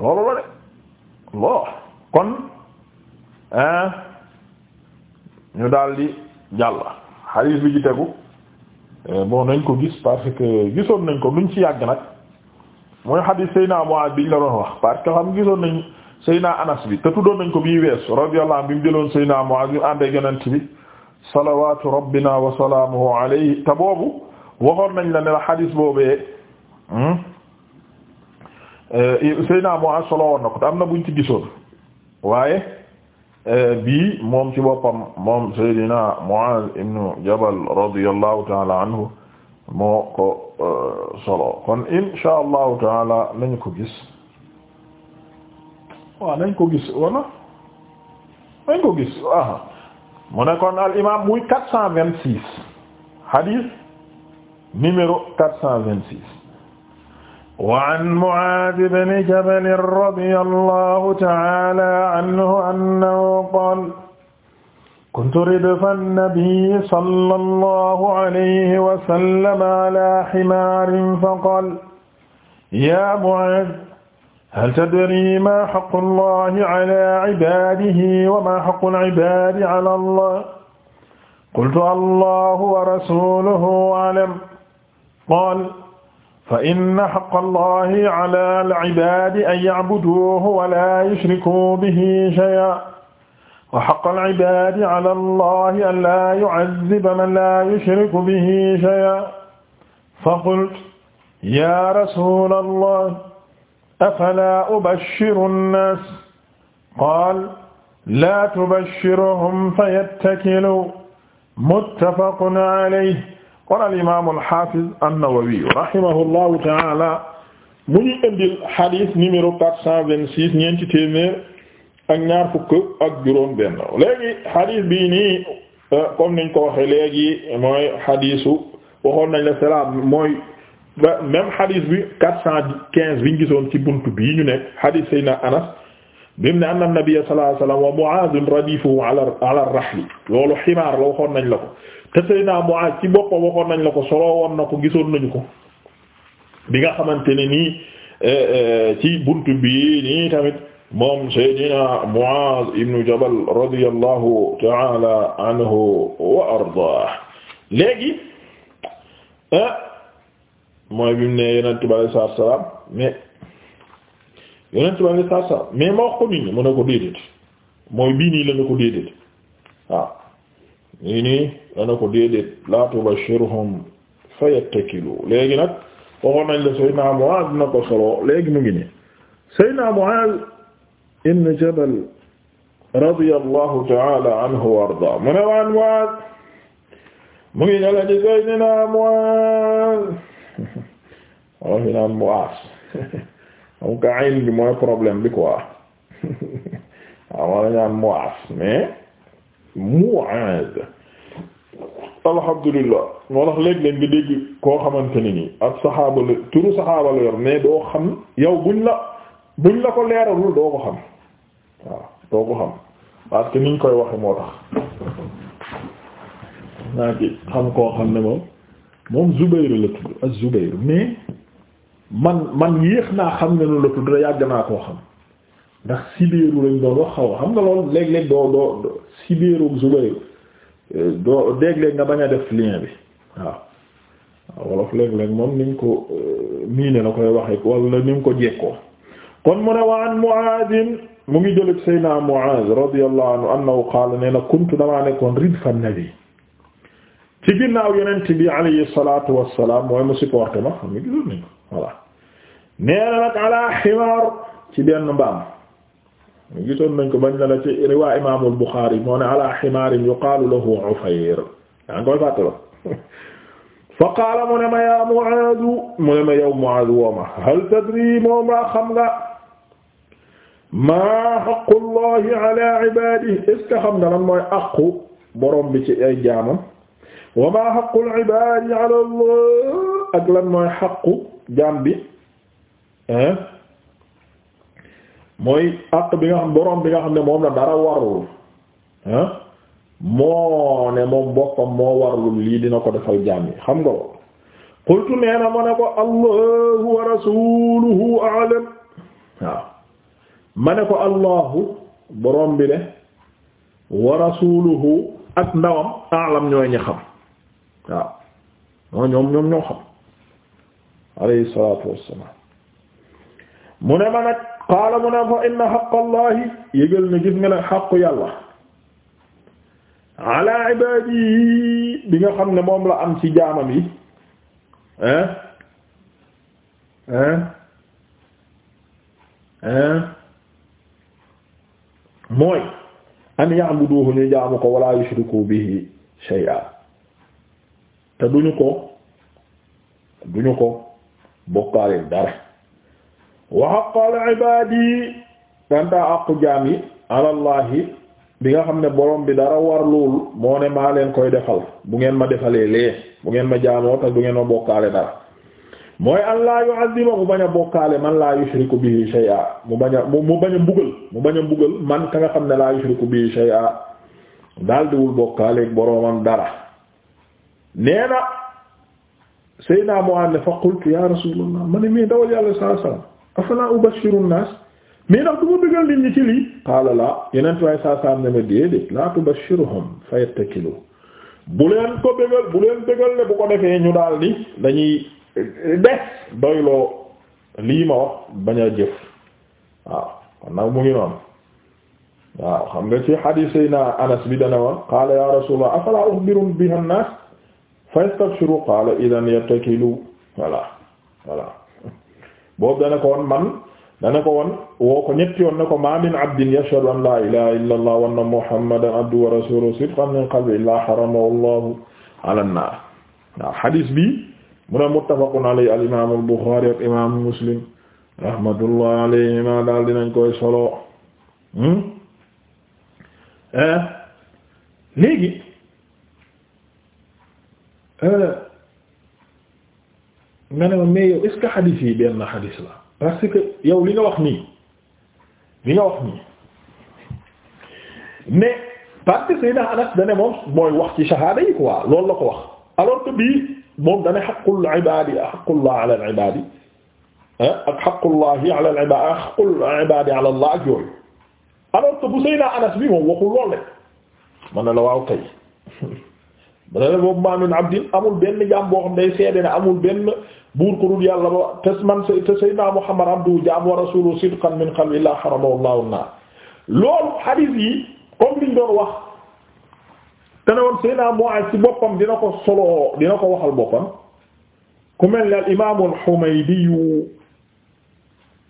loolu la de loo kon ñu daldi jàll xadiis bi ci tegu eh, bon nañ ko gis parce que gisoon nañ ko luñ ci yàgg nag mooy xadiis Seyna Muaad biñ la doon wax parce que xam gisoon nañ Seyna Anas bi te tuddoon nañ ko bii wees radiyallahu anhu bi mu jëloon Seyna Muaad bi àndee yonent bi salawaatu rabbina wa salaamuhu alayhi te boobu waxoon nañ la ne la xadiis boobee hmm, Seyna moo as solo woon ko te am na buñ ci gisoon waaye euh, bii moom ci boppam moom Seydina Muaz ibn Jabal radiyallahu taala anhu moo ko euh, solo kon insha allahu taala nañ ko gis waaw nañ ko gis wala nañ ko gis aha mu ne kon al imam muy quatre cent vingt six hadith numéro quatre cent vingt six waan Mucaaz ibn Jabal radiyallahu ta'ala anhu annahu qaala kuntu ridfa nabiyyi sallallahu alayhi wa sallam ala himaarin faqaala yaa Mucaaz hal tadrii maa haqqu llaahi ala cibaadihi wa maa haqqu l-cibaadi ala llaah qultu allaahu wa rasuluhu a'lam qaala fa inna haqqa allahi ala al-ibaadi an ya'buduuhu wa laa yushrikuu bihi shay'an wa haqqa al-ibaadi ala allahi an laa yu'azziba man laa yushriku bihi shay'an fa qultu yaa rasuula allah afalaa ubashshiru nnaas qaala laa tubashshiruhum fayattakilu muttafaqun alayhi kon al imaam al haafiz an-Nawawi rahimahullahu taala mu ñu indil hadith numéro quatre cent vingt six ñeenti téeméer ak ñaar fukk ak juróom benn léegi hadith bii nii euh, comme niñ ko waxee léegi mooy hadithu waxoon nañ la salaam mooy même hadith bi quatre cent quinze biñ gisoon ci buntu bii ñu nekk hadith Seydina Anas bim ne anna nabiyya sallallahu alayhi wa sallam wa Mu'aaz radifuhu ala ala ar-rahl loolu ximaar la waxoon nañ la ko te Seydina Muaz ci boppam waxoon nañ la ko solo woon na ko gisoon nañu ko bi nga xamante ni nii eh, eh, ci buntu bi nii tamit moom Seydina Muaz ibnu Jabal radiyallahu ta'ala anhu wa ardaah léegi eh, mooy bi mu ne Yonent bi alayhi salaatu wa salaam mais Yonent ko nit ñi mën na ko déedéet mooy bii nii la ñu ko déedéet waaw nii dana ko déedéet la tubashirhum fayattakilu léegi nag waxoon nañ la Seydina Muaaz na ko solo léegi mu ngi nii Seydina Muaaz ibn Jabal radiyallahu ta'ala anhu wa ardaa mu ne waan Muaaz mu ngi ñëla ci Seydina Muaaz wala fi naan Muaaz am ka ayn bi mooy problème bi quoi waaw wala ñaan Muaaz mais Muaaz alhamdulillah moo tax léeg-léeg nga dégg koo xamante ni nii ab saxaaba turu saxaaba la yor mais doo xam yow buñ la buñ la ko leeralul doo ko xam waaw doo ko xam parce niñ koy waxe moo tax naa ci xam koo xam ne moom moom Zubayr la tudd ak Zubayr mais man man yéex naa xam ne nu la tudd yàgg naa koo xam ndax Sibéeru lañ doon wax xaw xam nga loolu léeg-léeg doo doo Sibéeru Zubayr doo dégg nga bañ a def lien bi waaw wolof léeg moom niñ ko euh, miine la koy waxe wala niñ ko jekkoo kon mu ne waan Muaaz mu ngi jëlëg sayna Muaaz radiyallahu anhu annahu qaala nee na kuntu damaa nekkoon ridfa nabi ci ginnaaw yonent bi alayhi salatu wassalam mooy mu supporté ma xam nga gisoon ko voilà nee na nag ximaar ci benn mbaam gisoon nañ ko bañ na la ci riwaa imaamul Buxaari moo ne ala ximaarin yuqaalu lahu Ufayr yaa ngi koy fàttala fa qaala mu ne ma yaa Muaaz mu ne ma yow Muaaz wooma hal tadri moom laa xam nga maa xaqullahi ala ibaadihi est ce que xam nga lan mooy aqu borom bi ci ay jaamam wa maa xaqul ibaadi ala Allah ak lan mooy xaqu jaam bi hein mooy àq bi nga xam borom bi nga xam ne moom la dara warul ah moo ne moom boppam moo warul lii dina ko defal jaam yi xam nga lool qultu nee na ma ne ko allahu wa ne ko ak ndawam a'lam ñooy ñi xam waaw non ñoom ñoom ñoo xam alayhi salatu wassalam mu ne ma nag qaala mu ne fa inna xaqqallaahi yëgal na gis nga ne xaqu yàlla ala ibaadi bi nga xam ne moom la am ci jaamam yi hein hein hein mooy an ya'buduhu ñu jaamu ko wala yushriku bihi shay'a te duñu ko duñu ko bokkaale dara wa haqqu ala ibaadi gantaa aqu jaam yi alallahi bi nga xam ne borom bi dara war luul moo ne maa leen koy defal bu ngeen ma defalee lee bu ngeen ma jaamoo te bu ngeen ma bokkaale dara mooy an laa yu'azzima mu bañ bokkaale man laa yushriku bihi shay'a mu bañ mu bañ a mbugal mu bañ a mbugal man ka nga xam ne laa yushriku bihi shay'a daal diwul bokkaaleeg boroomam dara nee na Seydina Mu'adh ne fa qultu ya rasulullah ma ne mii dawal yàlla sallallahu alayhi wasallam afala ubashiru nnaas mais ndax du ma bëggal nit ñi lii qaala yeneen waaye saa saa am ne ma déedéet laa tubashiruhum fayattakilu bu leen ko bëggal bu leen bëggal ne bu ko defee ñu daal ni dañuy eh, des doyloo lii ma wax bañ a jëf waaw nag mu ngi noonu waaw xam nga ci xadiis anas bi dana wax qaala ya rasulallah afala uxbiru biha nnaas fayastakshiru qaala idan yattakilu voilà voilà boobu dana ko woon man dana ko woon woo ko ñetti yoon ne ko ma min abdin yashhadu an la ilaha illa allah wa anna muhammadan abduhu wa rasuluhu sidqan min qalbi illa haramahu allahu ala an-nar waaw hadis bi mu ne muttafaqun alayhi al imam al bukhari ak imam muslim rahmatullah alayhima daal dinañ koy solo hmm? eh, léegi eh, nga ne ma mais yow est-ce que xadis yi benn la parce que yow li nga wax nii li nga wax nii mais parce que Anas da ne mooy wax ci shahada yi quoi la ko wax alors que bii moom da ne xaqul ibaadi xaqullah ala al ibaadi ak xaqullahi ala al ibaadi Anas bi moom waxul lool rek man ne la waaw kay bana ne boobu maamin abdin amul benn jaam boo xam day seede ne amul benn buur ko dul yàlla ba tes man te sayyidina muhammad abdu jaam wa rasulu sidqan min qalbi la haramahu llahu naar loolu hadith yi comme liñ doon wax te ne woon sayyidina Mu'aaz ci boppam dina ko solo dina ko waxal boppam ku mel ne al imaamu al Humaydi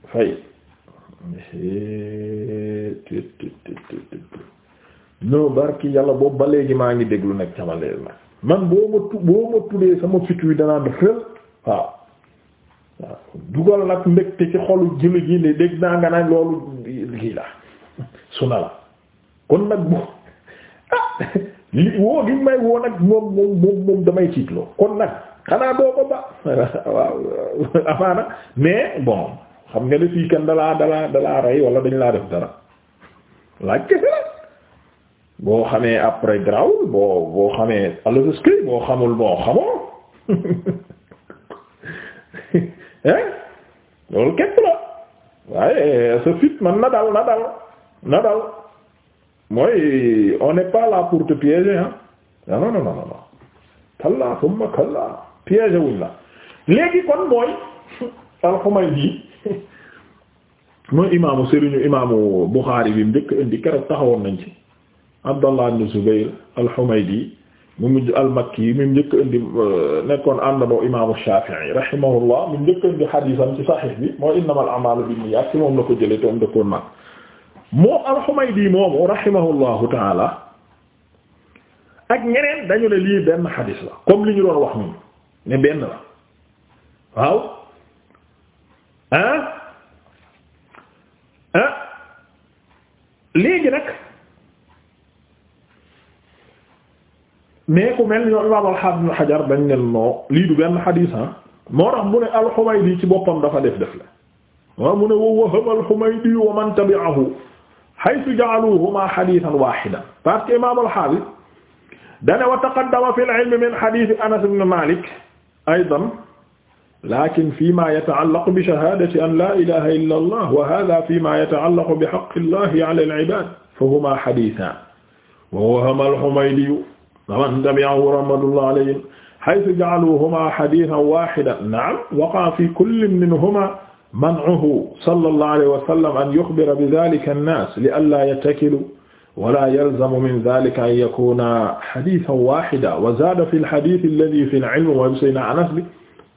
fay no barki yàlla boobu ba léegi maa ngi déglu nag cabaleel nag man boo ma tu boo ma tuddee sama fit wi danaa def rël waaw dugal nag mbégte ci xolu jëlu ji ne dégg naa nga nag loolu lii la suna la kon nag bu ah li woo gi may woo nag moom moom moom moom damay tiitloo kon nag xanaa doo ko ba waaw amaana mais bon xam nga ne fii kan dalaa dalaa dalaa rey wala dañ laa def dara laaj kese boo xamee après grawul boo boo xamee boo xamul boo xamoo hein loolu képp la waaye sa fit man na dal na mooy on n'est pour te piéger hein non non non non non kalla thumma wuñ la léegi kon mooy al-Humaydi mooy imaamu sëriñu imaamu Bukhari bi mu njëkk indi keroog taxawoon nañ ci Abdallah ibn Zubayr al-Humaydi mu mujj al-Makki mu njëkk indi euh, nekkoon àndandoo imaamu Shafi'i rahimahullah mu njëkk indi xadiisam ci Sahih bi mooy innamal a'maalu binniyaat ci moom la ko jëlee te mu dëkkoon nag moom al-Humaydi moomu rahimahullahu ta'ala ak ñeneen dañu ne lii benn xadiis la comme li ñu doon wax ñun ne benn la waaw ah ah léegi nag. mais ku mel ñoo imaam alxaam xajar dañ ne noo lii du benn xadiis ah moo tax mu ne alxumaydi ci boppam dafa def def la waaw mu ne wa wahaba alxumaydi wa man tabi'ahu haythu ja'aluhuma xadiisan waahidan parce que imaam alxaafis dane wa taqaddama fi al-ilm min xadiisi anas ibn malik aydan lakin fi ma yata'allaqu bi shahaadati an laa ilaha illa allah wa haadha fi ma yata'allaqu bi haqqi allah ala al-ibaad fa huma xadiisaan wa wahama al-humaydi waman tabi'ahu rahmatullah alayhim haythu ja'aluhuma hadithan wahidan na'am waqa'a fi kullin minhuma man'uhu sallallahu alayhi wa sallam an yukhbira bi dhalika an-nas li alla yattakilu wa la yalzamu min dhalika an yakuna hadithan wahidan wa zada fi al-hadith alladhi fi al-'ilm wa sayyidina Anas bi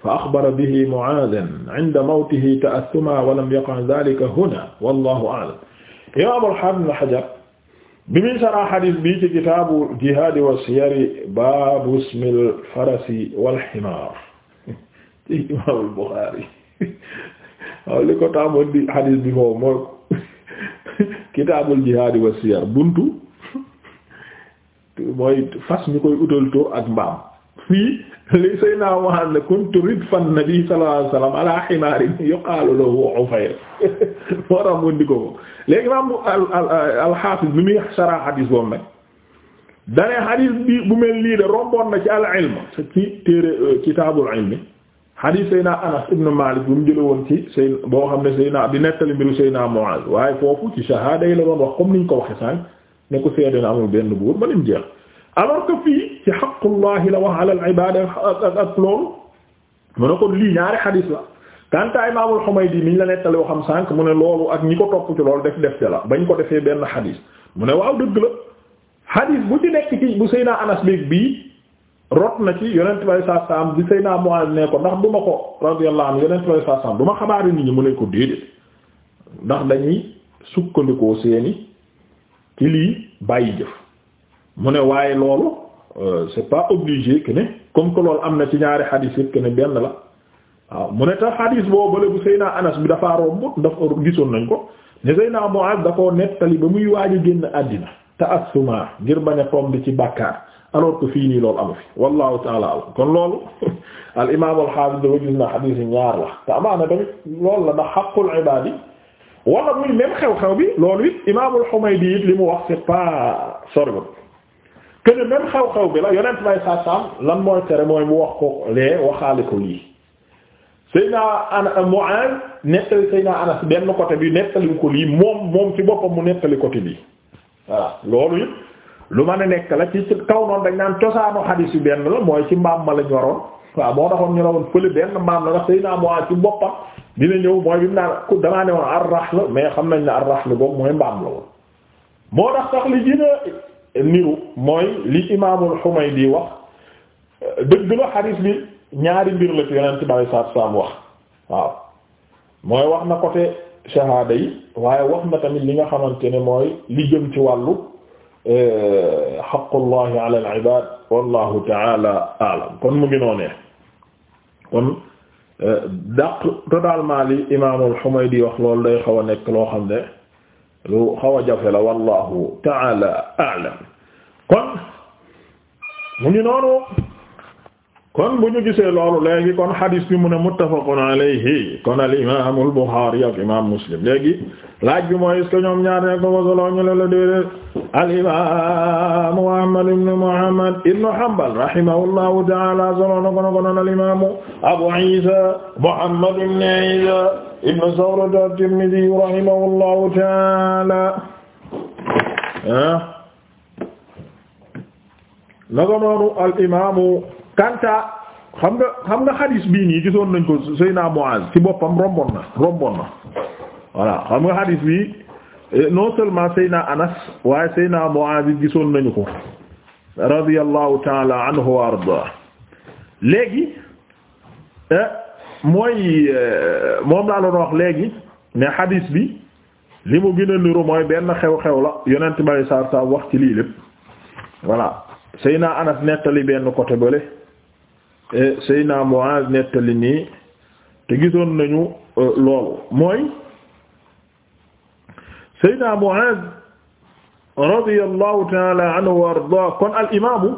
fa akhbara bihi Mu'adhan 'inda mawtihi ta'assuma wa lam yaqa' dhalika huna wallahu a'lam bi muy sara xadis bi ci kitaabu jihaadi wa baabu ismil farasi wal ximaar ci imaamul Buxaari waaw li ko taamoon di xadis bi foofu mooy kitaabul jihaadi wa siyar buntu mooy fas ñu koy utal tur ak mbaam fii li say naa waxal ne kuntu ridfan nabi sallallahu alayhi wa sallam ala ximaarin yuqaalu lahu Ufayr moo tax mu indi ko ko léegi imaam al al alxaafis bi muy saraa xadiis boobu nag dane xadiis bi bu mel nii de romboon na ci al ilm ci téere euh, kitaabul ilmi xadiis Seyna Anas ibn Malik bu mu jële woon ci Seyna boo xam ne Seyna di nettali mbiru Seyna Muaz waaye foofu ci shahaada yi la doon wax comme niñ ko waxe sànq ne ko seede na amul benn buur ba lim jeex alors que fii ci xaqullahi la wax ala al ibaada ak ak loolu mu ne kon lii ñaari xadiis la kanta imaamul Humaydi mi ñu la nettali yoo xam sànq mu ne loolu ak ñi ko topp ci loolu def def ci la bañ ko defee benn xadiis mu ne waaw dëgg la xadiis bu ci nekk ci bu Seyna Anas beeg bii rot na ci yonent bay saa saam di Seyna Muaz ne ko ndax duma ma ko radiyallahu anhu yonent bay saa saam du ma xabaari nit ñi mu ne ko déedéet ndax dañuy sukkandikoo seeni ci lii bàyyi jëf mu ne waaye loolu euh, c'est pas obligé que ne comme que loolu am na ci ñaari xadiis yëpp que ne benn la. waaw mu ne te xadiis boobu bële bu Seyna Anas bi dafa romb dafa gisoon nañ ko ne Seyna Muaz da koo nettali ba muy waaj a génn àddina te assuma ngir bañ a tombe ci bàkkaar alors que fii nii loolu amu fi wallahu taala alam kon loolu al imaam al xaafis dafa gis na la loolu ndax xaqul ibaadi wala muy bi loolu it imaamul Humaydi it li mu wax c'est pas sorgho que ne même xew-xew bi la yonent may saa saam lan mooy tere mooy mu wax ko lee waxaale ko lii. Seyna Ana euh, Mu'aaz nettali naa Anas benn côté bi nettaliwu ko lii moom moom ci boppam mu nettali côté bi voilà loolu it lu mën a nekk la ci kaw noonu dañ naan cosaanu xadiis yu benn la mooy ci mbaam ma lañ waroon waaw moo taxoon ñu la woon fële benn mbaam la ndax Seyna Mu'aaz ci boppam dina ñëw mooy bi mu naan ku damaa ne woon ar-rahl mais xam nañ ne ar-rahl boobu mooy mbaam la woon. moo tax sax li gën a niru mooy li Imaamul Humaydi wax dëgg ñaari mbir la ci yonent bi alayhi salaatu salaam wax waaw mooy wax na côté shahada yi waaye wax na tamit li nga xamante ne mooy li jëm ci wàllu xaqullahi ala al mu ngi kon eh, dàq li imaamul loolu day xaw a nekk loo xam ne lu xaw a la wallahu taala kon mu ngi noonu kon bu ñu gisee loolu léegi kon hadis bi mu ne kon al imam al Bukhari ak imam Muslim léegi laaj bi mooy est-ce ñaar ñoo ko wasaloo ñu la la déedéet al imam Ahmad ibn Muhammad ibn Hanbal rahimahullahu ta'ala solo na ko na ko al imam Abu Isa Muhammad ibn Isa ibn Sawr at-Tirmidhi rahimahullahu ta'ala ah naka al imam kanta xam nga xam nga xadis bii nii gisoon nañ ko Seyna Muaz ci boppam romboon na romboon na voilà xam nga xadis bi eh, non seulement na Anas waaye Seyna Muaz yi gisoon nañu ko radiyallahu taala anhu wa arda léegi eh, mooy eh, moom laa doon wax léegi ne xadis bi li mu gën a niru mooy benn xew-xew la yonent bari saa saa wax ci lii lépp voilà Seyna Anas nettali benn côté bële Eh, Seydina Muaz nettali nii te gisoon nañu eh, loolu mooy Seydina Muaz radiyallahu taala anhu wa ardaa kon al imaamu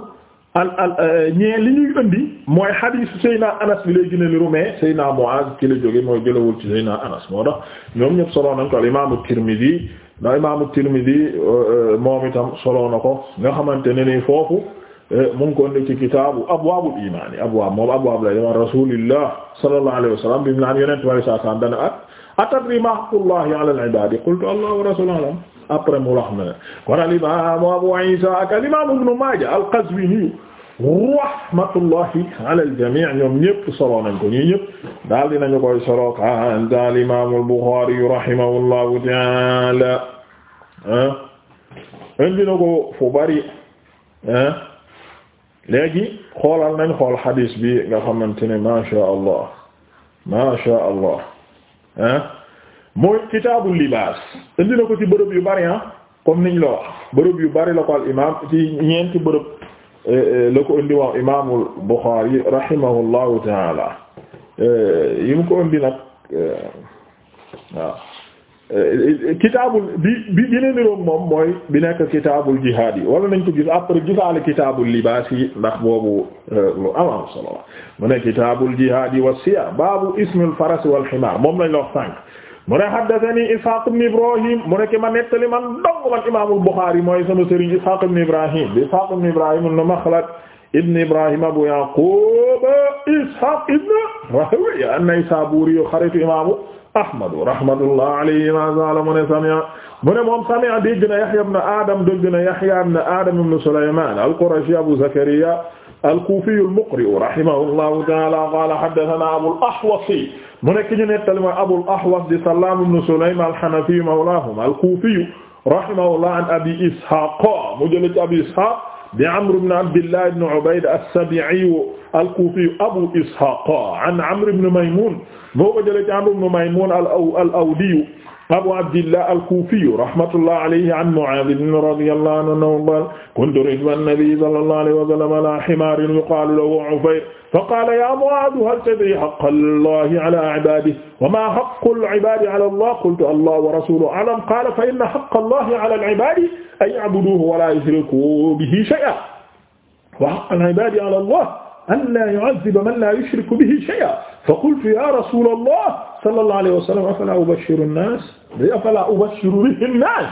eh, ñee li ñuy indi mooy xadiisu Seydina Anas bi lay gën a liru mais Seydina Muaz ci mooy jëlawul ci Seydina Anas moo tax ñoom ñëpp solo nañ ko al imaamu Tirmidi imaamu Tirmidi moom itam solo na ko nga xamante ne nii foofu Eh, mu ngi ko indi ci kitaabu abwaabul iimaan abwaab moom abwaab la yow rasuulillah sallallahu alayhi wa sallam bi mu naan yonent bi saa saa dana at atadri maa haqqullahi ala al-ibaad qultu allah wa rasuuluhu a'lam après mu wax na kon al imaam abu isa ak al imaam ibnu maaja al qazwini rahmatullahi ala al jamii ñoom ñëpp solo nañ ko ñii ñëpp daal dinañu koy solo kaanta al imaam al buxaari rahimahullahu taala ah, indi na ko fu bari ah, léegi xoolal nañu xool xadiis bi nga xamante ne ma sha allah ma sha allah ah mooy kitaabu libaas indi na ko ci bërëb yu bari ah comme niñ la wax bërëb yu bari la ko al imaam ci ñeenti bërëb eh, eh, la ko indi wax imaamul Buxaari rahimahullahu taala eh, yi mu ko indi nag waaw Euh, kitaabul bi bi gën a moom mooy bi nekk kitaabul jihaad yi wala nañ ko gis après gisaale kitaabul libaas yi ndax boobu euh, lu amam solo la mu ne kitaabul jihaad yi wa siyar baabu ismil faras wal ximaar moom lañ la wax sànq mu ne haddathani Ishaq ibn Ibrahim mu ne ki ma nettali man dong man imaamul Buxaari mooy sama sëriñ Ishaq ibn Ibrahim Ishaq ibn Ibrahim ibn Makhlad ibn Ibrahim Abu Yaqub Ishaq ibn Rahawayh an-Naysaburi xaritu imaamu ahmadu rahmatullah alayhi ma qala mu ne sami'a mu ne moom sami'a dégg na yahya ibn adam dégg na yahya ibn adam ibn sulayman al-qurashi abu zakariya al-kufi al-muqri rahimahullahu ta'ala qala haddathana abul ahwas mu nekk ñu nettali mooy abul ahwas di sallam ibn sulaym al-hanafi mawlahum al-kufi rahimahullah an abi ishaq mu jël ci abi ishaq bi amr ibn abdillah ibn ubayd as-sabi'i al-Kufi Abu Ishaq an Amr ibn Maymun moo ko jëlee ci Amr ibn Maymun al-Awdi Abu Abdillah al-Kufi rahmatullah alayhi an Mu'adh radiyallahu anhu qala kuntu rihba an-nabi sallallahu alayhi wa sallam ala himarin yuqalu lahu Ufayr faqala ya Mu'adh hal tadri haqqa Allahi ala ibadihi wa ma haqqu al-ibadi ala Allah qultu Allah wa rasuluhu a'lam qala fa inna haqqa Allahi ala al-ibadi an ya'buduhu wa la yushriku bihi shay'an wa haqqa al-ibadi ala Allah an laa yu'adhdhiba man laa yushriku bihi shay'an fa qultu ya rasula allah sallallahu alayhi wa sallam afala ubashshiru an-nas afala ubashshiru bihi an-nas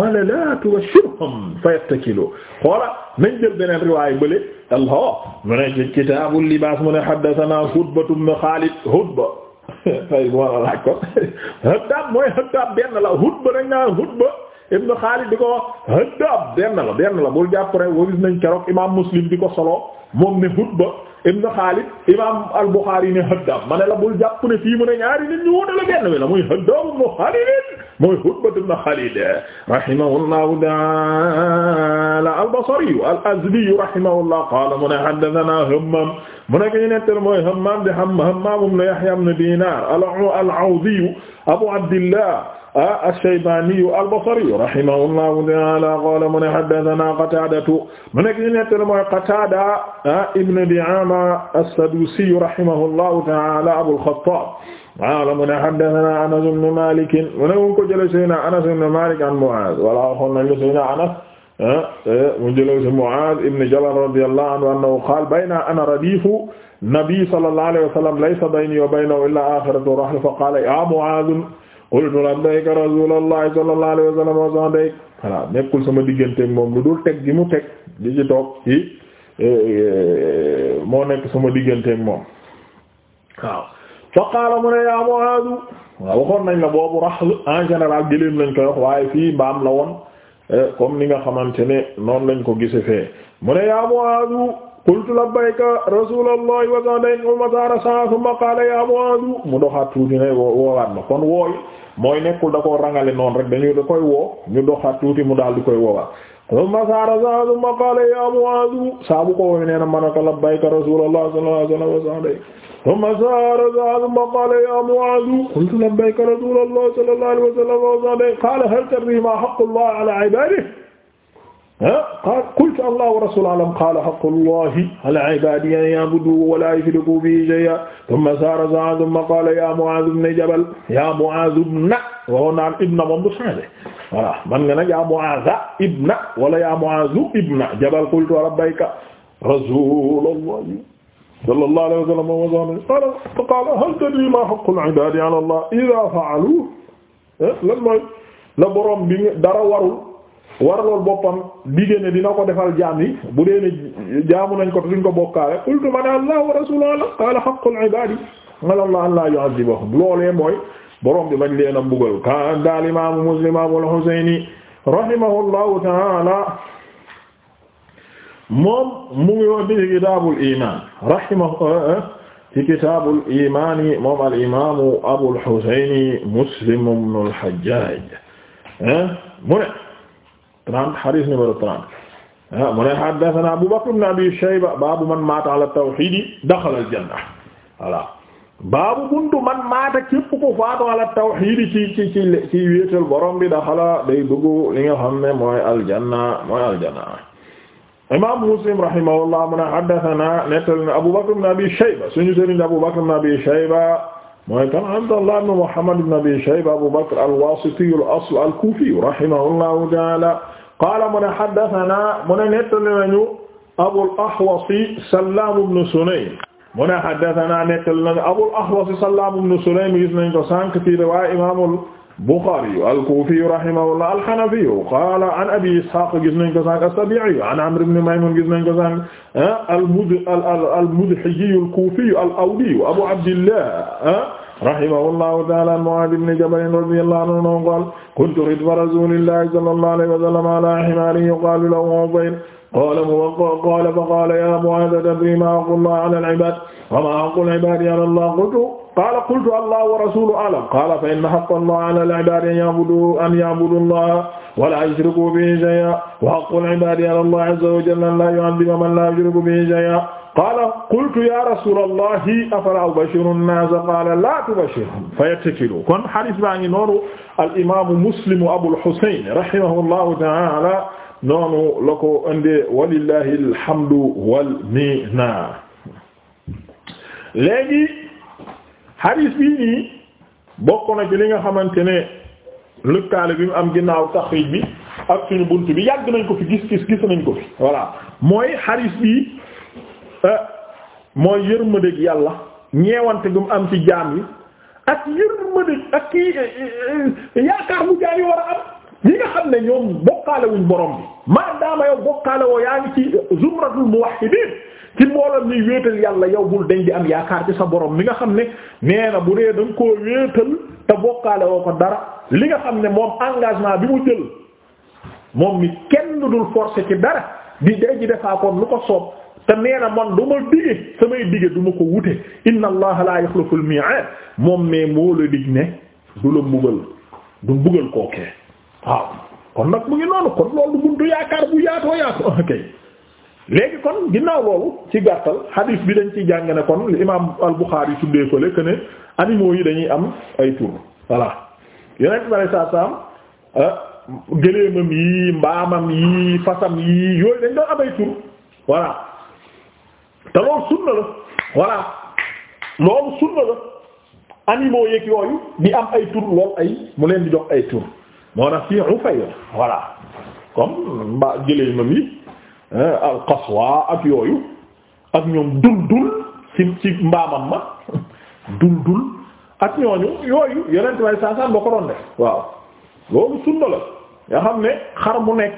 qala la tubashshirhum fayattakilu xoola nañ jël beneen riwaay bële allah mu ne ci kitaabul libaas mu ne haddathana Hudba ibn Khalid Hudba tay wala laaj ko Hudba mooy Hudba benn la Hudba dañ naa Hudba ibnu Xaalid di ko wax Haddaab benn la benn la bul jàpp rek wagis nañ keroog imaam Muslim di ko solo moom ne Hudba ibnu Xaalid imaam al-Buxaari ne Haddaab ma ne la bul jàpp ne fii mu ne ñaari nit ñu wóote la benn bi la muy Haddaab ibnu Xaalid mooy Hudba ibnu Xaalid rahimahullahu ta'aala al-Basri al-Azdi rahimahullah qaala mu ne haddathanaa Hammaam mu nekk ñu nettal mooy Hammaam di Hammaam ibn Yahya ibn Dinar al-Awdi Abu Abdillah ash-Shaybani al-Basri rahimahullahu ta'ala qala mu ne haddathana Qatadatu mu nekk ñu nettal mooy Qatada ibn Di'ama as-Sadusi rahimahullahu ta'ala Abu al-Khattab qala mu ne haddathana Anas ibn Malik mu ne mu ko jëlee Sayyidina Anas ibn Malik an Mu'adh wala waxoon nañu Sayyidina Anas Ah, eh, mu jëlaw ci Mu'aaz ibn Jabal radiyallahu anhu annahu qaala bayna ana radifu nabi sallallahu alayhi wa sallam laysa bayni wa baynahu illaa aaxiratu rahl fa qaala yaa Mu'aaz qultu labbayka rasuulallahi sallallahu alayhi wa sallam wa sa'dayk voilà nekkul sama digganteeg moom lu dul teg gi mu teg di ci toog ci eh, eh, moo nekk sama digganteeg moom waaw fa qaala mu ne yaa Mu'aaz waaw waxoon nañ la boobu rahl en général gëléem lañ koy wax waaye fii mbaam la woon Eh, comme ni nga xamante ne noonu lañ ko gise fee mu ne yaa Muaadu qultu labbayka rasulallahi wa sa'dayn wa masara sa thumma qala ya Mu'adh mu doxaat tuuti ne woowaat ma kon wooyu mooy nekkul da koo rangale noonu rek dañu da koy woo ñu doxaat tuuti mu daal di koy woowaat thumma sara sa thumma qala ya Mu'adh saa bu ko woowe nee na man ko labbayka rasulallahi sallallahu alayhi wa sa'dayn thumma sara sa thumma qala ya Mu'adh qultu labbayka rasulallahi sallallahu alayhi wa sallam wa sa'dayn qala hal tadri ma haqqullah ala ibadihi ah qultu allah wa rasuluhu a'lam qaala haqqu llahi ala ibaadihi an ya'buduuhu wa laa yushriku bihi shay'an thumma saara saa'an thumma qaala yaa Mu'aaz ibn Jabal yaa Mu'aaz ibn waxoon naan ibna moom du changé voilà man nga ne yaa Mu'aaz ibna wala yaa Mu'aaz ibna Jabal qultu labbayka rasuulallahi sallallahu alayhi wa sallam fa qaala hal tadrii maa haqqul ibaadi ala llahi idhaa fa'aluuhu eh, lan mooy la borom bi dara warul. waralool boppam digée ne dina ko defal jaam yi bu dee ne jaamu nañ ko te duñ ko bokkaale qultu ma ne allah wa rasuluhu la qaala haqqul ibadi ala allah an la yu'adhibahum loolee mooy borom bi bañ leen a mbugal ka daal imaamu muslim abul husayni rahimahullahu taala moom mu ngi woon ci kitaabul iman rahimahu eh, eh, ci kitaabul imaani moom al imaamu abul husayni muslim ibn al hajjaj eh, mu ne 30 hadith numéro 30 ah mu ne haddathana Abu Bakr ibn Abi Shayba baabu man maata ala tawhidi daxala aljanna voilà baabu buntu man maata képp ko faatu ala tawhidi ci ci ci ci wéetal borom bi daxala day dugg li nga xam ne mooy aljanna mooy aljanna imam Muslim rahimahullah mu ne haddathana nettal Abu Bakr ibn Abi Shayba suñu sëriñ Abu Bakr ibn Abi Shayba mooy kan Abdallah ibn Muhammad ibn Abi Shayba Abu Bakr al-Wasiti al-asl al-Kufi rahimahullahu ta'ala qaala mu ne haddathana mu ne nettali nañu Abul Ahwas Sallaam ibn Sulaym mu ne haddathana nettali nañu Abul Ahwas Sallaam ibn Sulaym gis nañ ko sànq ci riwaaya Imaamul Buxaari al-Kuufi rahimahullah al-Hanafi qaala an Abi Ishaaq gis nañ ko sànq as-Sabi'i an Amr ibn Maymuun gis nañ ko sànq ah, al-Mudhiji al-Kuufi al-Awdi Abu Abdillah ah, rahimahullahu ta'ala Mu'aaz ibn Jabal radiyallahu anhu qaala kuntu ridfa rasuulillahi sallallahu alayhi wa sallam ala himaarihi yuqaalu lahu Ubayl qaala faqaala ya Mu'aaz tadrii maa haqqu llahi ala al-'ibaad wa maa haqqu al-'ibaadi ala Allah qultu qaala qultu allah wa rasuluhu a'lam qaala fa inna haqqa allah ala al-ibaadi an ya'budu an ya'budu allah wa la yushriku bihi shay'an wa haqqu al-ibaadi ala allah azza wa jalla an la yu'adhiba man la yushriku bihi shay'an qaala qultu ya rasulaallahi afala ubashiru an-naasa qaala laa tubashirhum fayattakilu kon hadiis baa ngi noonu al-imaamu Muslim Abul Husayn rahimahullahu ta'aala noonu la ko indee walillahi alhamdu wal minna léegi hadis bii nii bokk na ci li nga xamante ne lëkkaale bi mu am ginnaaw taxrij bi ak suñu bunt bi yàgg nañ ko fi gis gis nañ ko fi voilà mooy hadis bii euh, mooy yërmandeeg yàlla ñeewante gu mu am ci jaam yi ak yërmandeeg ak kii euh, euh, yaakaar bu jaam yi war a am ñi nga xam ne ñoom bokkaale wuñ borom bi maadaama yow bokkaale woo yaa ngi ci zumratul muwahhidin ci mbooloo mi wéetal yàlla yow bul dañ bi am yaakaar ci sa borom mi nga xam ne nee na bu dee danga koo wéetal te bokkaale woo ko dara li nga xam ne moom engagement bi mu jël moom mi kenn dul forcer ci dara di day ji defaa kon lu ko soob te nee man du ma dige samay dige du ma ko wute inna allaha la yuxlifu al moom mais moo la dig ne du la mbugal du mbugal kookee waaw kon nag mu ngi noonu kon loolu buntu yaakaar bu yaatoo yaatoo kay léegi kon ginnaaw loolu ci gàttal hadis bi dañ ciy jàng ne kon li imaam al-Bukhari tuddee ko yi dañuy am ay tur voilà yeneen bari saa saam euh, gëléemam yi mbaamam yi fasam yi yooyu dañ doon am ay tur voilà te loolu sunna la voilà loolu sunna la animaux yeeg yooyu di am ay tur lool ay mu leen di jox ay tur moo tax fii Ufayr voilà comme mbaa gëléemam yi. Euh, alqaswa ak yooyu ak ñoom dul dul ci ci mbaamam ma dul dul ak ñooñu yooyu yonent way saasaan ba ko doon def waaw loolu sunna la nga xam ne xar mu nekk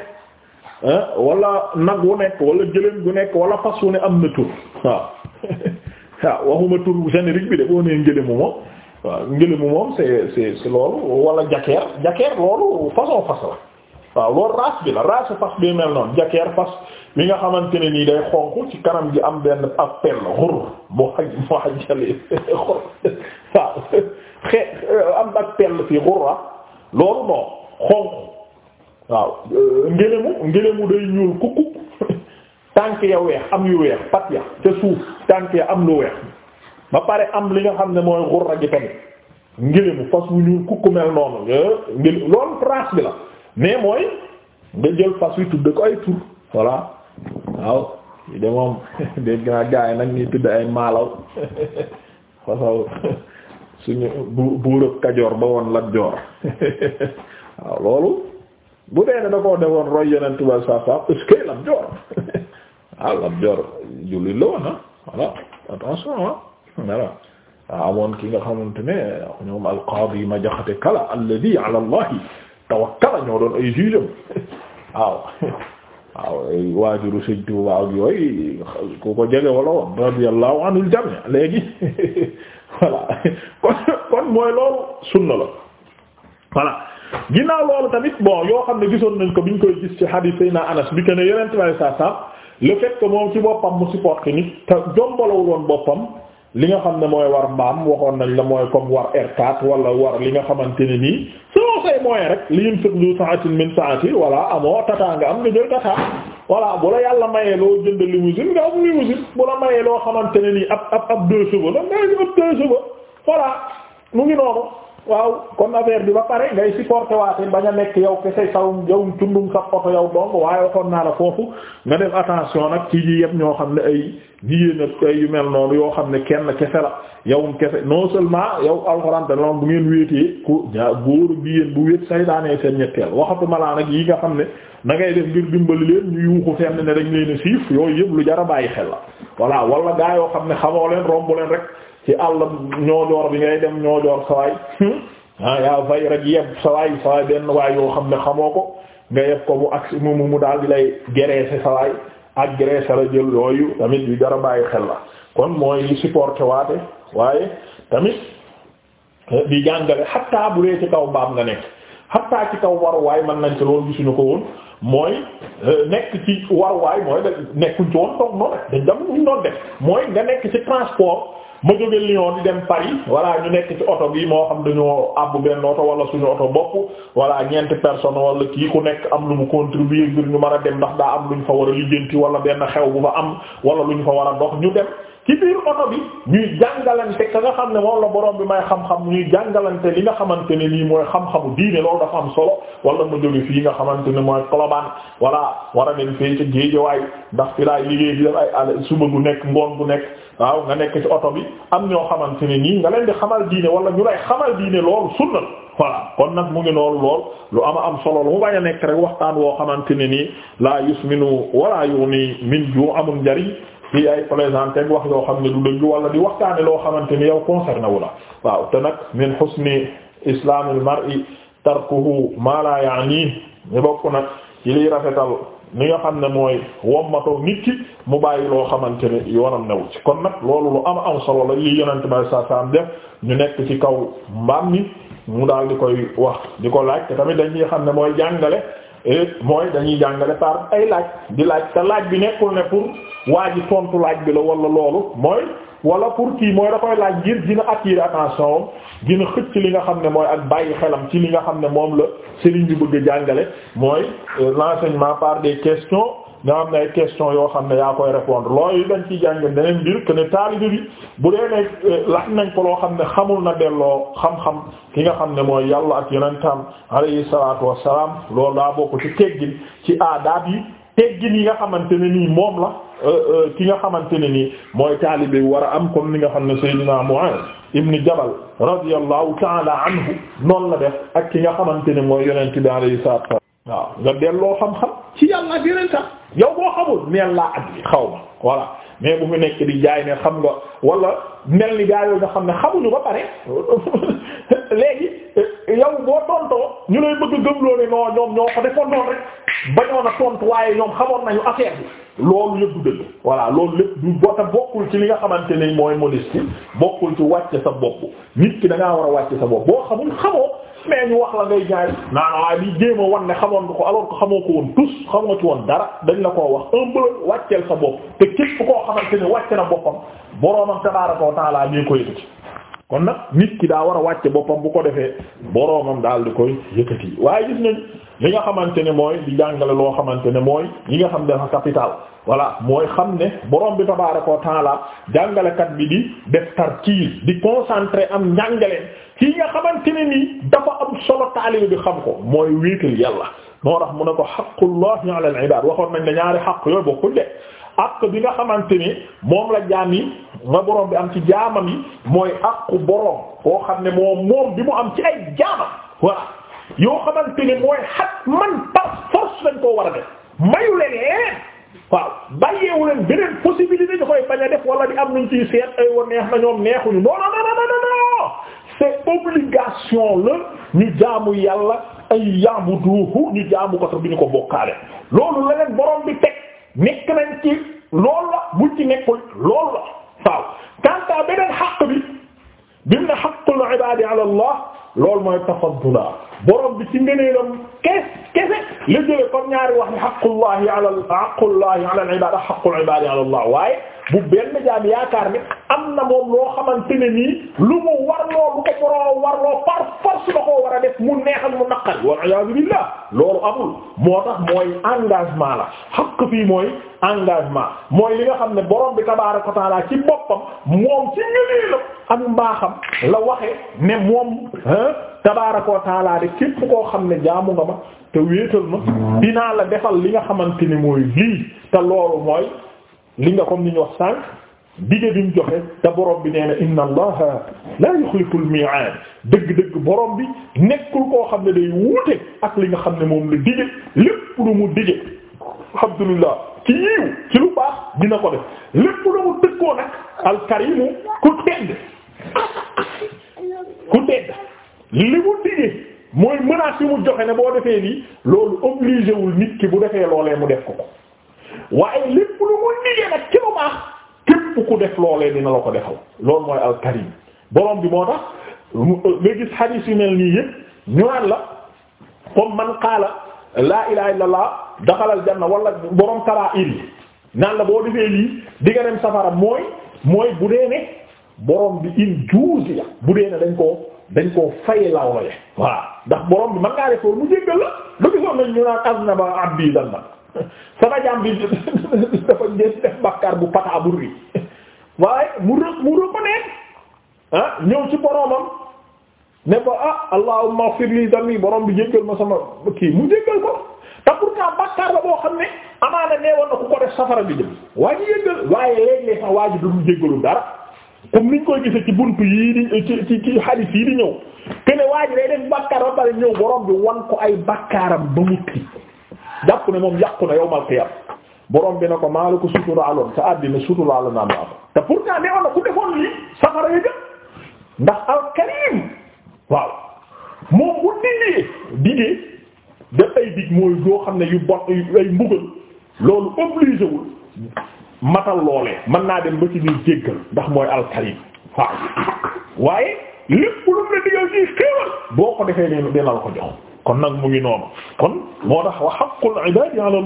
euh, wala nag wu nekk wala jëleen gu nekk wala fas wu ne am na tur waaw waaw waxuma tur générique bi de boo nee ngëlëmu moom waaw ngëlëmu moom c'est c'est loolu wala jakeer jakeer loolu façon fas la waaw loolu raas bi la raasu fas bi mel noonu jakeer fas wi nga xamante ne nii day xonq ci kanam gi am benn ak pell xur bu xaj bu xajali xur waaw xe am ak pell fii xurra ah, loolu moo xonq waaw euh, ngélému ngélému day ñuul kukku tànk ya weex am yu weex pat ya ca suuf tànk ya am lu weex ba pare am li nga xam ne mooy xurra gi tamit ngélému fas wu ñuul kukku mel noonu loolu raas bi la mais mooy nga jël fas wi tudd ko ay tur voilà waaw yi de moom dégg naa gaa yi nag ñuy tudd ay maalaw façon suñu bu buurëb kajoor ba woon lat joor waaw loolu bu dee ne da koo defoon roy yeneen tubaab saaf saaf est-ce waaw lat ah, jullit la woon ah voilà attention ah voilà amoon ki nga xamante ne ñoom alqaadi ma jaxate kala alladi ala allahi tawakkala ñoo doon ay jugeem waaw waaw waajuru sëñ Tuuba ak yooyu ku ko jege wala woon radiyallahu anil jami léegi voilà kon kon mooy loolu sunna la voilà ginnaaw loolu tamit bon yoo xam ne gisoon nañ ko biñ koy gis ci hadith Seydina Anas bi que ne yeneen tubaab saa saa le fait moom ci boppam mu supporté nit te jombalawul woon boppam li nga xam ne mooy war mbaam waxoon nañ la mooy comme war R4 wala war li nga xamante ne nii. say moyen rek li yun fiq du saatin min saati voilà amoo tataa nga am nga jël tataa voilà bu la yàlla mayee loo jënd limousine nga am limousine bu la mayee loo xamante ne nii ab ab ab deux chevaux la nga ab deux chevaux voilà mu ngi noonu waaw kon affaire bi ba pare ngay supporté waate ba a nekk yow kese sawum yow tundum sax oto yow dong waaye waxoon naa la foofu nga def attention nag ci yi yëpp ñoo xam ne ay jigéen ak yu mel noonu yoo xam ne kenn kese la yow kese non seulement yow alxuraan te bu ngeen wéetee ku góor jigéen bu wéet saytaanee seen ñetteel waxatu malaa nag yi nga xam ne na ngay def ngir dimbali leen ñu yuuxu fenn ne dañ leen a siif yooyu yëpp lu jar a bàyyi xel la voilà wala gaa yoo xam ne xamoo leen leen rek. ci àll ñoojoor bi ngay dem ñoojoor sawaay hmm? ah yaa fay rek yeb sawaay sawaay benn waay yoo xam ne xamoo ko nga yeb ko mu agsi mu mu daal di lay gereese sawaay ak gereese la jël yooyu tamit yu dara bàyyi xel la kon mooy li supporté waate waaye tamit eh, di jàngale xattaa bu dee ci kaw mbaam nga nekk xattaa ci kaw waru waaye mën nañ ci loolu gisuñu ko woon mooy euh, nekk ci waay mooy da nekkuñ ci woon toog noonu dañ dem ñu doon def mooy nga nekk ci transport ma jóge Lyon di dem Paris voilà ñu nekk ci oto bi moo xam dañoo àbb benn oto wala suñu oto bopp voilà ñeent personne wala kii ku nekk am lu mu contribuer ngir ñu mën a dem ndax daa am lu ñu fa war a lijjanti wala benn xew bu fa am wala lu ñu fa war a dox ñu dem ci oto bi ñuy jàngalante ka nga xam ne moom la borom bi may xam-xam ñuy jàngalante li nga xamante ne nii mooy xam-xamu diine loolu dafa am solo wala ma jóge fii nga xamante ne mooy kolobaan wala war a dem fee ca géejawaay ndax suba gu nekk ngoon gu nekk waaw nga nekk ci oto bi am ñoo xamante ne nii nga di xamal diine wala ñu kon nag mu ngi lu ama am solo mu bañ a nekk rek waxtaan woo xamante ne nii laa yusminu wala yuni min ju amul njariñ ci ay plaisanté wax yoo xam ne du dëgg wala di waxtaane loo xamante ni yow concerné wu la waaw te nag min husni islaamil mar'i tarkuhu ma la yaani ñu bokk nag ci liy rafetal ni nga xam ne mooy wommatoo nit ki mu bàyyi loo xamante ne yoonam newu ci kon nag loolu lu am am solo la lii yonent ba sa saam def ñu nekk ci kaw mbaam mi mu daal di koy wax di ko laaj te tamit dañuy xam ne mooy jàngale mooy dañuy jàngale par ay laaj di laaj te laaj bi nekkul ne pour waa ji tontu laaj bi la wala loolu mooy wala pour kii mooy da koy laaj ngir dina attirer attention am dina xëcc li nga xam ne mooy ak bàyyi xelam ci li nga xam ne moom la sëriñ bi bëgg jàngale mooy euh, l'enseignement par des questions nga xam ne ay question yoo xam ne yaa koy répondre loolu dañ ciy jànge beneen mbir que ne taalibe bi bu dee ne eh, laaj nañ ko loo xam ne xamul na delloo xam-xam ki nga xam ne mooy yàlla ak yonentam alayhi salaatu wassalaam loolu daa bokk ci teggin ci aadaab yi teggin yi nga xamante ne nii moom la eh, eh, ki nga xamante ne nii mooy taalibe war a am comme ni nga xam ne Seydina Mu'aaz ibn Jabal radiyallahu ta'ala anhu noonu la def ak ki nga xamante ne mooy yonent bi alayhi waaw nga delloo xam-xam ci yàlla ak yeneen sax yow boo neen laa at xaw ma voilà mais bu mu nekk di jaay ne xam nga wala mel ni gaa yooyu nga xam ne xamuñu ba pare léegi yow boo tontoo ñu lay bëgg gëmloo ne noo ñoom ñoo ko defoon noonu rek bañoon tontu waaye ñoom xamoon nañu affaire bi loolu lépp du dëgg voilà loolu lépp du bota bokkul ci li nga xamante ne mooy modestie bokkul ci wàcce sa bopp nit ki da war a wàcce sa bopp boo xamul xamoo mais ñu wax la ngay jaay naan waaye di jéem a wan ne xamoon nga ko alors que xamoo ko woon tous xam nga ci woon dara dañ la koo wax wàcceel sa bopp te képp koo xamante ne wàcce na boppam boroomam tabaaraka wa taala ñi ko kon nag nit ki daa war a wàcce boppam bu ko defee boroomam daal di koy yëkkati waaye gis nañ li nga xamante ne mooy di jàngale loo xamante ne mooy yi nga xam dafa capital voilà mooy xam ne borom bi tabaaraka wa taala jàngalekat bi di def tarkiis di concentré am njàngaleen kii nga xamante ne nii dafa am solo taalibe di xam ko mooy wéetal yàlla moo tax mu ne ko xaqullahi ala al ibaad waxoon nañ ne ñaari xaq yooyu bokkuñ de àq bi nga xamante ni moom la jaam yi nga boroom bi am ci jaamam yi mooy àqu borom koo xam ne moom moom bi mu am ci ay jaamam voilà yoo xamante ni mooy xat man par force lañ koo war a def mayu leen leen waaw bàyyeewu leen beneen possibilité ñu koy bañ a def wala di am nañ ciy seet ay wa neex na ñoom neexuñu non non non non non c'est obligation la ñu jaamu yàlla ay yaamu duuhu ñu jaamu ko sax bi ñu ko bokkaale loolu la leen borom bi nekk nañ ci loolu la buñ ci nekkul loolu la waaw kanta beneen bi bi mu ne xaqul ibaadi ala allah loolu mooy tafaddula borom bi ci ngëneelam kese kese la jëlee comme ñaari wax ni xaqullahi ala xaqullahi al allah waaye bu benn jaam yaakaar ni am na moom loo xamante ne nii lu mu warloo lu ko boroo warloo par force da koo war a def mu neexal mu naqal wal iyaadu billah loolu amul moo tax mooy engagement la xaq fii mooy engagement mooy li nga xam ne borom bi tabaaraka wa taala ci boppam moom ci ñu nii la ak mbaaxam la waxe ne moom hein tabaaraka wa taala de képp koo xam ne jaamu nga ma te wéetal ma dinaa la defal li nga xamante ni mooy lii te loolu mooy li nga comme ni ñu wax sànq dige bi mu joxe te borom bi nee na dëgg-dëgg bi nekkul koo xam ne day wuute ak li nga xam ne moom la dige lépp lu mu dige alhamdulillah ci yiw ci lu baax dina ko def lépp lu mu dëkkoo nag alkarimu ku tedd ku tedd li mu digee mooy menace yi mu joxe ne boo defee lii loolu obligé wul nit ki bu defee loolee mu def ko ko waaye lépp lu mu digee nag ci baax képp ku def loolee dina la ko defal loolu mooy alkarim borom bi moo tax nga gis hadith yu mel nii yëpp ñu naan la comme man qaala laa ilaha illa allah daxalal janna wala borom kabaa'ir yi naan la boo defee lii di nga dem safara mooy mooy bu dee ne borom bi in juusi la bu dee ne dañ ko dañ koo fay laaw la voilà ndax borom bi mën ngaa def mu jéggal la lu gisoon nañ ñu naan aznaba abdi zanba sama jaam bi dafa njëkk def bàkkaar bu pata bu rëy waaye mu rë mu rë ko nekk ñëw ci boromam ne ko ah allahumma ighfir li dhanbi borom bi jéggal ma sama kii mu jéggal ko te pourtant bàkkaar la boo xam ne amaana nee woon na ku ko def safara bi jëm waaye léeg-léeg sax waa ji du jéggalu dara. comme niñ koy gisee ci bunt yii di ci ci hadith yii di ñëw te ne waa ji day ba pare ñëw borom bi wan ko ay bàkkaaram ba mu ti jàpp ne moom yàqu na yawmal qiyam borom bi ne ko maa la ko suturaaloon sa àddina suturaaloon naa ma am te pourtant nee na ku defoon lii safara yi jëm ndax alkarim waaw moom bu digee digee def ay dig mooy yoo xam ne yu bon ay mbugal loolu obligé wul matal loolee mën naa dem ba ci biir jéggal ndax mooy alkarim waaw waaye lépp lu la digal ci xéewal boo ko defee ne dina la ko jox kon nag mu ngi noonu kon moo tax wa haqqul ibadi ala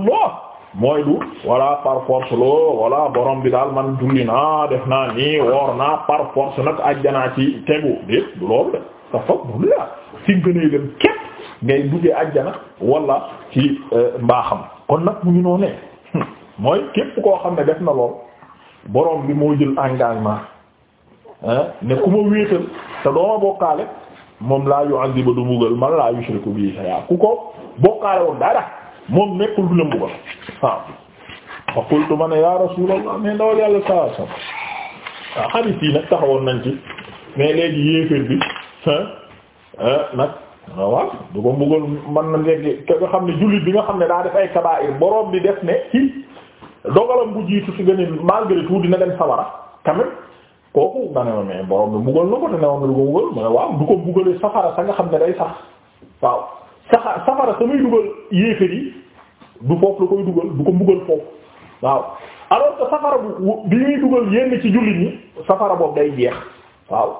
bi daal man julli naa def naa nii woor naa nag ajjanaa ci tegu déet du loolu de te foog du la ci gënee dem képp ngay duggee ajjana wala ci euh, mbaaxam kon nag mu ngi noonu mooy képp koo xam ne def na lool borom bi moo jël engagement ne ku ma wéetal te doo ma bokkaale moom laa ba du mbugal man laa yushriku bi shay'a ku ko bokkaale woon dara moom nekkul du la mbugal waaw fa qultu ma ne ya rasulallah mais ndawal yàlla saa sam waaw hadith yi nag taxawoon nañ ci mais léegi yéeféer bi nag waaw du ko mbugal man na léegi nga xam ne jullit bi nga xam ne daa def ay kabaa'ir borom bi def ne dogalam bu jiitu si nga ne malgré tout dina dem sawara quand même kooku nga ne ma mais borom bi mbugal na ko te ne woon na lu ko mbugal ma ne waaw du ko mbugalee safara sa nga xam ne day sax waaw saxa safara sa muy dugal yéefar yi du foofu la koy dugal du ko mbugal foofu waaw alors safara bu bi muy dugal yenn ci jullit ñi safara boobu day jeex waaw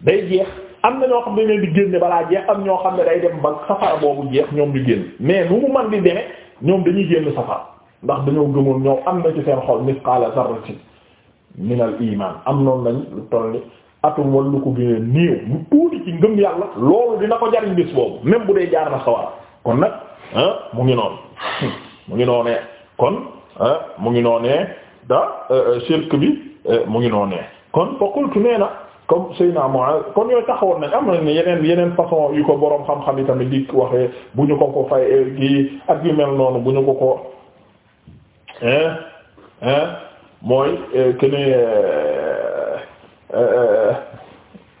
day jeex am na ñoo xam ne leen di génne balaa jeex am ñoo xam ne day dem ba safara boobu jeex ñoom di génn mais nu mu man ñoom dañuy génn safara ndax dañoo gëmoon ñoo am na ci seen xol misqaala zarratin minal iman am noonu nañ lu toll atum wala lu ko gënee néew lu tuuti ci ngëm yàlla loolu dina ko jariñ bis boobu même bu dee jaar na sawar kon nag ah, mu ngi noonu mu ngi noonee kon ah mu ngi noonee da euh, euh, shirk bi euh, mu ngi noonee kon fa qultu nee na comme Seyna Mu'az kon taxawoon nañ am nañ yeneen yeneen façon yu ko boroom xam-xam yi tamit di waxee bu ñu ko ko fay kii ak yu mel noonu bu ñu ko ko. mooy euh, que euh,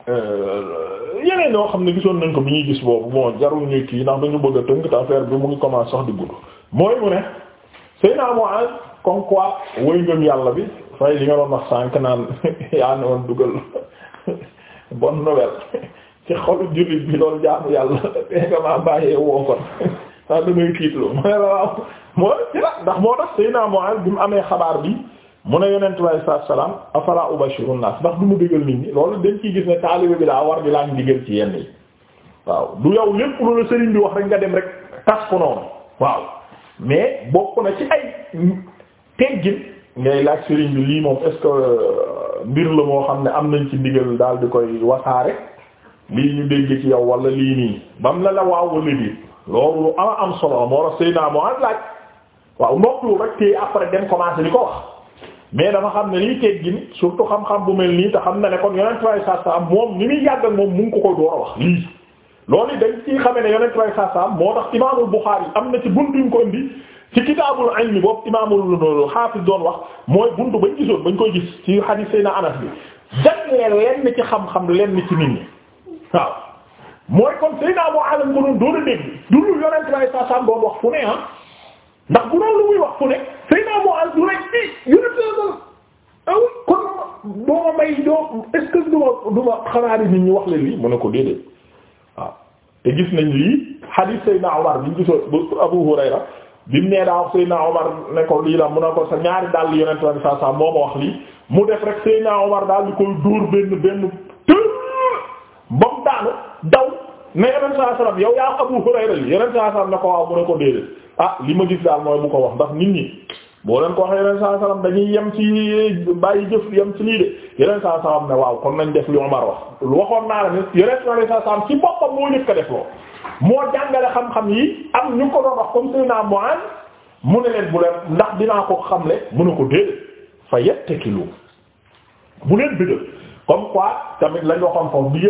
euh, yeneen yoo xam ne gisoon nañ ko bi ñuy gis boobu bon jarul ñu kii ndax dañu bëgg a tënk te affaire bi mu ngi commencé sax gudd mooy mu ne Seydina Mu'aaz comme quoi wëy ngëm yàlla bi fay li nga doon wax sànq naan yaa ne woon dugal bonne nouvelle ci xolu jullit bi loolu jaamu yàlla dégg nga maa bàyyee woo kon sax damay tiitloo mu ne la moo ci la ndax moo tax Seydina Mu'aaz bi mu amee xabaar bi mu ne yonent bi alayhi salaatu wa salaam afala ubashiru naas ndax du mu digal nit ñi loolu dañ ciy gis ne taalibe bi daa war di laaj digal ci yenn yi waaw du yow lépp lu sëriñ bi wax rek nga dem rek tas ko noonu waaw mais bokk na ci ay teggin ngay laaj sëriñ bi lii moom est euh, mbir la moo xam ne am nañ ci ndigal daal di koy wasaare lii ñu dégg ci yow wala lii nii bam la la waaw wala loolu lu ama am solo la moo tax Seydina Mu'aaz laaj waaw noppalu rek te après dem commencé di ko wax mais dafa xam ne liy teggin surtout xam-xam bu mel nii te xam na ne kon yonent way saa saa moom ni muy yàgg ak moom mu ngi ko koy door a wax lii. loolu dañ ciy xamee ne yonent way saa moo tax imaamul Buxaari am na ci buntu yu ko indi ci kitaabul ilmi boobu imaamul Haafiz doon wax mooy buntu bañ gisoon bañ koy gis ci hadiis Seydina Anas bi jagleel lenn ci xam-xam lenn ci nit ñi waaw. mooy kon Seydina Mu'aaz lañ mënoon doon a dégg du lu yonent bi alayhi salaam wax fu ne ah ndax bu doon muy wax fu ne Seydina Mu'aaz du rek i yonent aw ah mu ne ko déedéet ah. te gis nañ lii hadith Seydina Umar bi ñu gisoo Abu Hurayra bi mu nee lii la mu ne ñaari dàll yonent moo ma wax lii mu def rek Seydina Umar daal di koy dóor benn benn të ba daanu daw ne yeneen saa salaam yow yaa Abu Hurayra li yeneen saa salaam ko waaw mu ne ko déedéet ah li ma gis daal mooy bu ko wax ndax nit ñi boo leen ko waxee yeneen saa salaam dañuy yem ci bàyyi jëf yem ci lii de saa salaam ne waaw kon nañ def li Umar wax waxoon naa la ne yeneen saa salaam ci boppam moo njëkk a def loo moo jàngale xam-xam yi am ñu ko doon wax comme Seydina Mu'aaz mu ne leen bu leen ndax dinaa ko xamle mu ne ko déedéet fa yattakilu bu leen bidal comme quoi tamit lañ waxoon foofu bi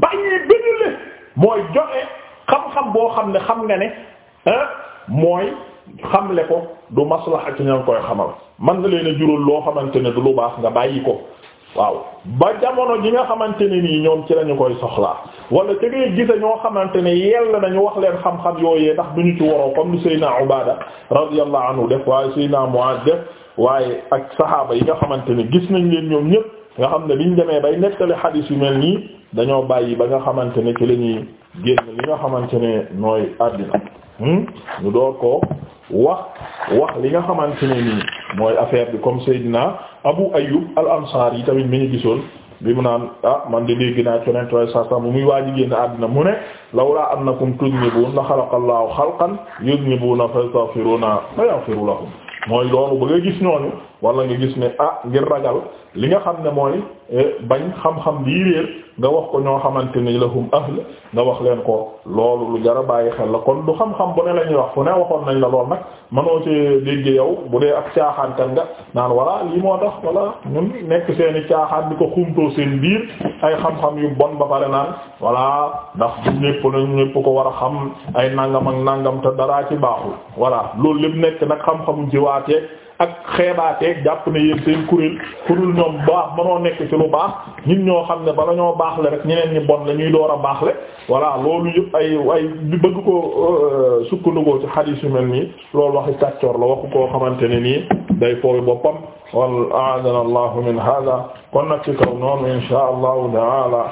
bañee bidal mooy joxe xam-xam boo xam ne xam nga ne ah mooy xamle ko du maslaha ci ñan koy xamal man nga leen a jural loo xamante ne du lu baax nga bàyyi ko waaw ba jamono ji nga xamante ne nii ñoom ci lañu koy soxlaa wala ca ngay gise ñoo xamante ne yell nañu wax leen xam-xam yooyee ndax duñu ci waroo comme ni Seydina Ubaada radiyallahu anhu def waaye Seydina Muaaz def waaye ak saxaaba yi nga xamante ne gis nañ leen ñoom ñëpp nga xam ne biñ demee bay nettali xadiis yu mel nii dañoo bàyyi ba nga xamante ne ci la ñuy génn li nga xamante ne nooy àddina hmm? ñu door ko wax wax li nga xamante ne nii mooy affaire bi comme Seydina Abu Ayyub al-Ansari yi tamit mi ñu gisoon bi mu naan ah man di dégg naa coneen twa sa sa bu muy waa ji génn àddina mu ne lawlaa annakum tudnibun la xalaqa Allahu xalqan yudnibuna fa yastaghfiruna fa yaghfiru lahum mooy loolu ba nga gis ñooñu wala nga gis ne ah ngir ragal li nga xam ne mooy eh, bañ xam-xam bii réer nga wax ko ñoo xamante ni lahum ahl nga wax leen ko loolu lu jara bàyyi xel la kon du xam-xam bu ne la ñuy wax fu ne waxoon nañ la lool nag manoo ci dégg yow bu dee ak caaxaankat nga naan voilà lii moo tax voilà ñun nekk seeni caaxaan bi ko xumtoo seen biir ay xam-xam yu bon ba pare naan voilà ndax ñépp lañ ñépp ko war a xam ay nangam ak nangam te daraa ci baaxul voilà loolu lépp nekk nag xam-xamu ak xeebaateeg jàpp ne yéen seen kuréel kuréel ñoom baax mënoo nekk ci lu baax ñun ñoo xam ne bala ñoo baax le rek ñeneen ñi bon la ñuy door a baax le voilà loolu yëpp ay ay di bëgg ko euh, sukkandikoo ci xadiis yu mel nii loolu waxi tàccoor la waxu koo xamante ne nii day fooy boppam wal aadana allahu min hada kon nag ci kaw noonu insha allahu taala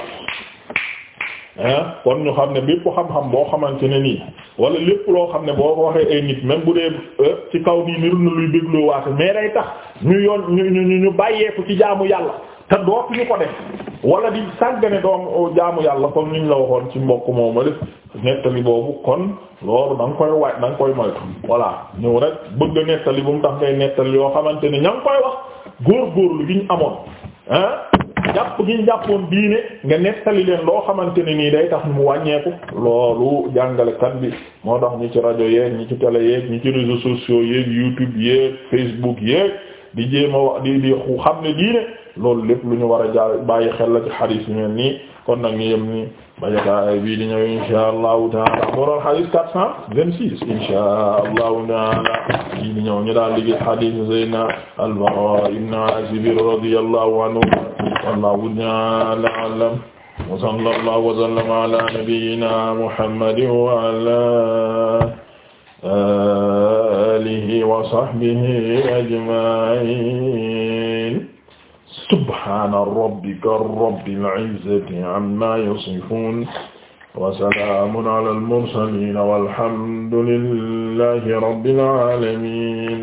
kon ñu xam ne bépp xam-xam boo xamante nii wala lépp loo xam ne boo ko waxee ay nit même bu dee euh, ci kaw nii niru na luy bégloo waate mais day tax ñu yoon ñu ñu ñu bàyyeeku ci jaamu yàlla te dootuñu ko def wala di sàggane doom euh, jaamu yàlla comme niñ la waxoon ci mbokk moom ma def nettali boobu kon loolu da nga koy waaj da nga koy moytu voilà ñëw rek bëgg a nettali bu mu tax ngay nettali yoo xamante ni ña ngi koy wax góor góorlu gi ñu amoon ah jàpp gi jàppoon diine nga nettali leen loo xamante ne nii day tax mu wàññeeku loolu jàngalekat bi moo tax ñi ci rajo yeeg ñi ci télé yeeg ñi ci réseaux sociaux yeeg YouTube yeeg Facebook yeeg di jéem a wax di di xam ne diine loolu lépp ñu war a jaar bàyyi xel la ci xadiis yu nii kon nag ñu yem nii bajataay bii di ñëw insha allahu taala moo di ñëw ñu daal di gis xadiis Seydina ibn Aazib radiyallahu anhu wallahu ta'ala a'lam wa sallallahu wa sallama ala nabiyyina muhammadin wa ala alihi wa sahbihi ajma'in subhana rabbika rabbil izzati amma yasifun wa salaamun ala al-mursaliin walhamdulillahi rabbil aalamiin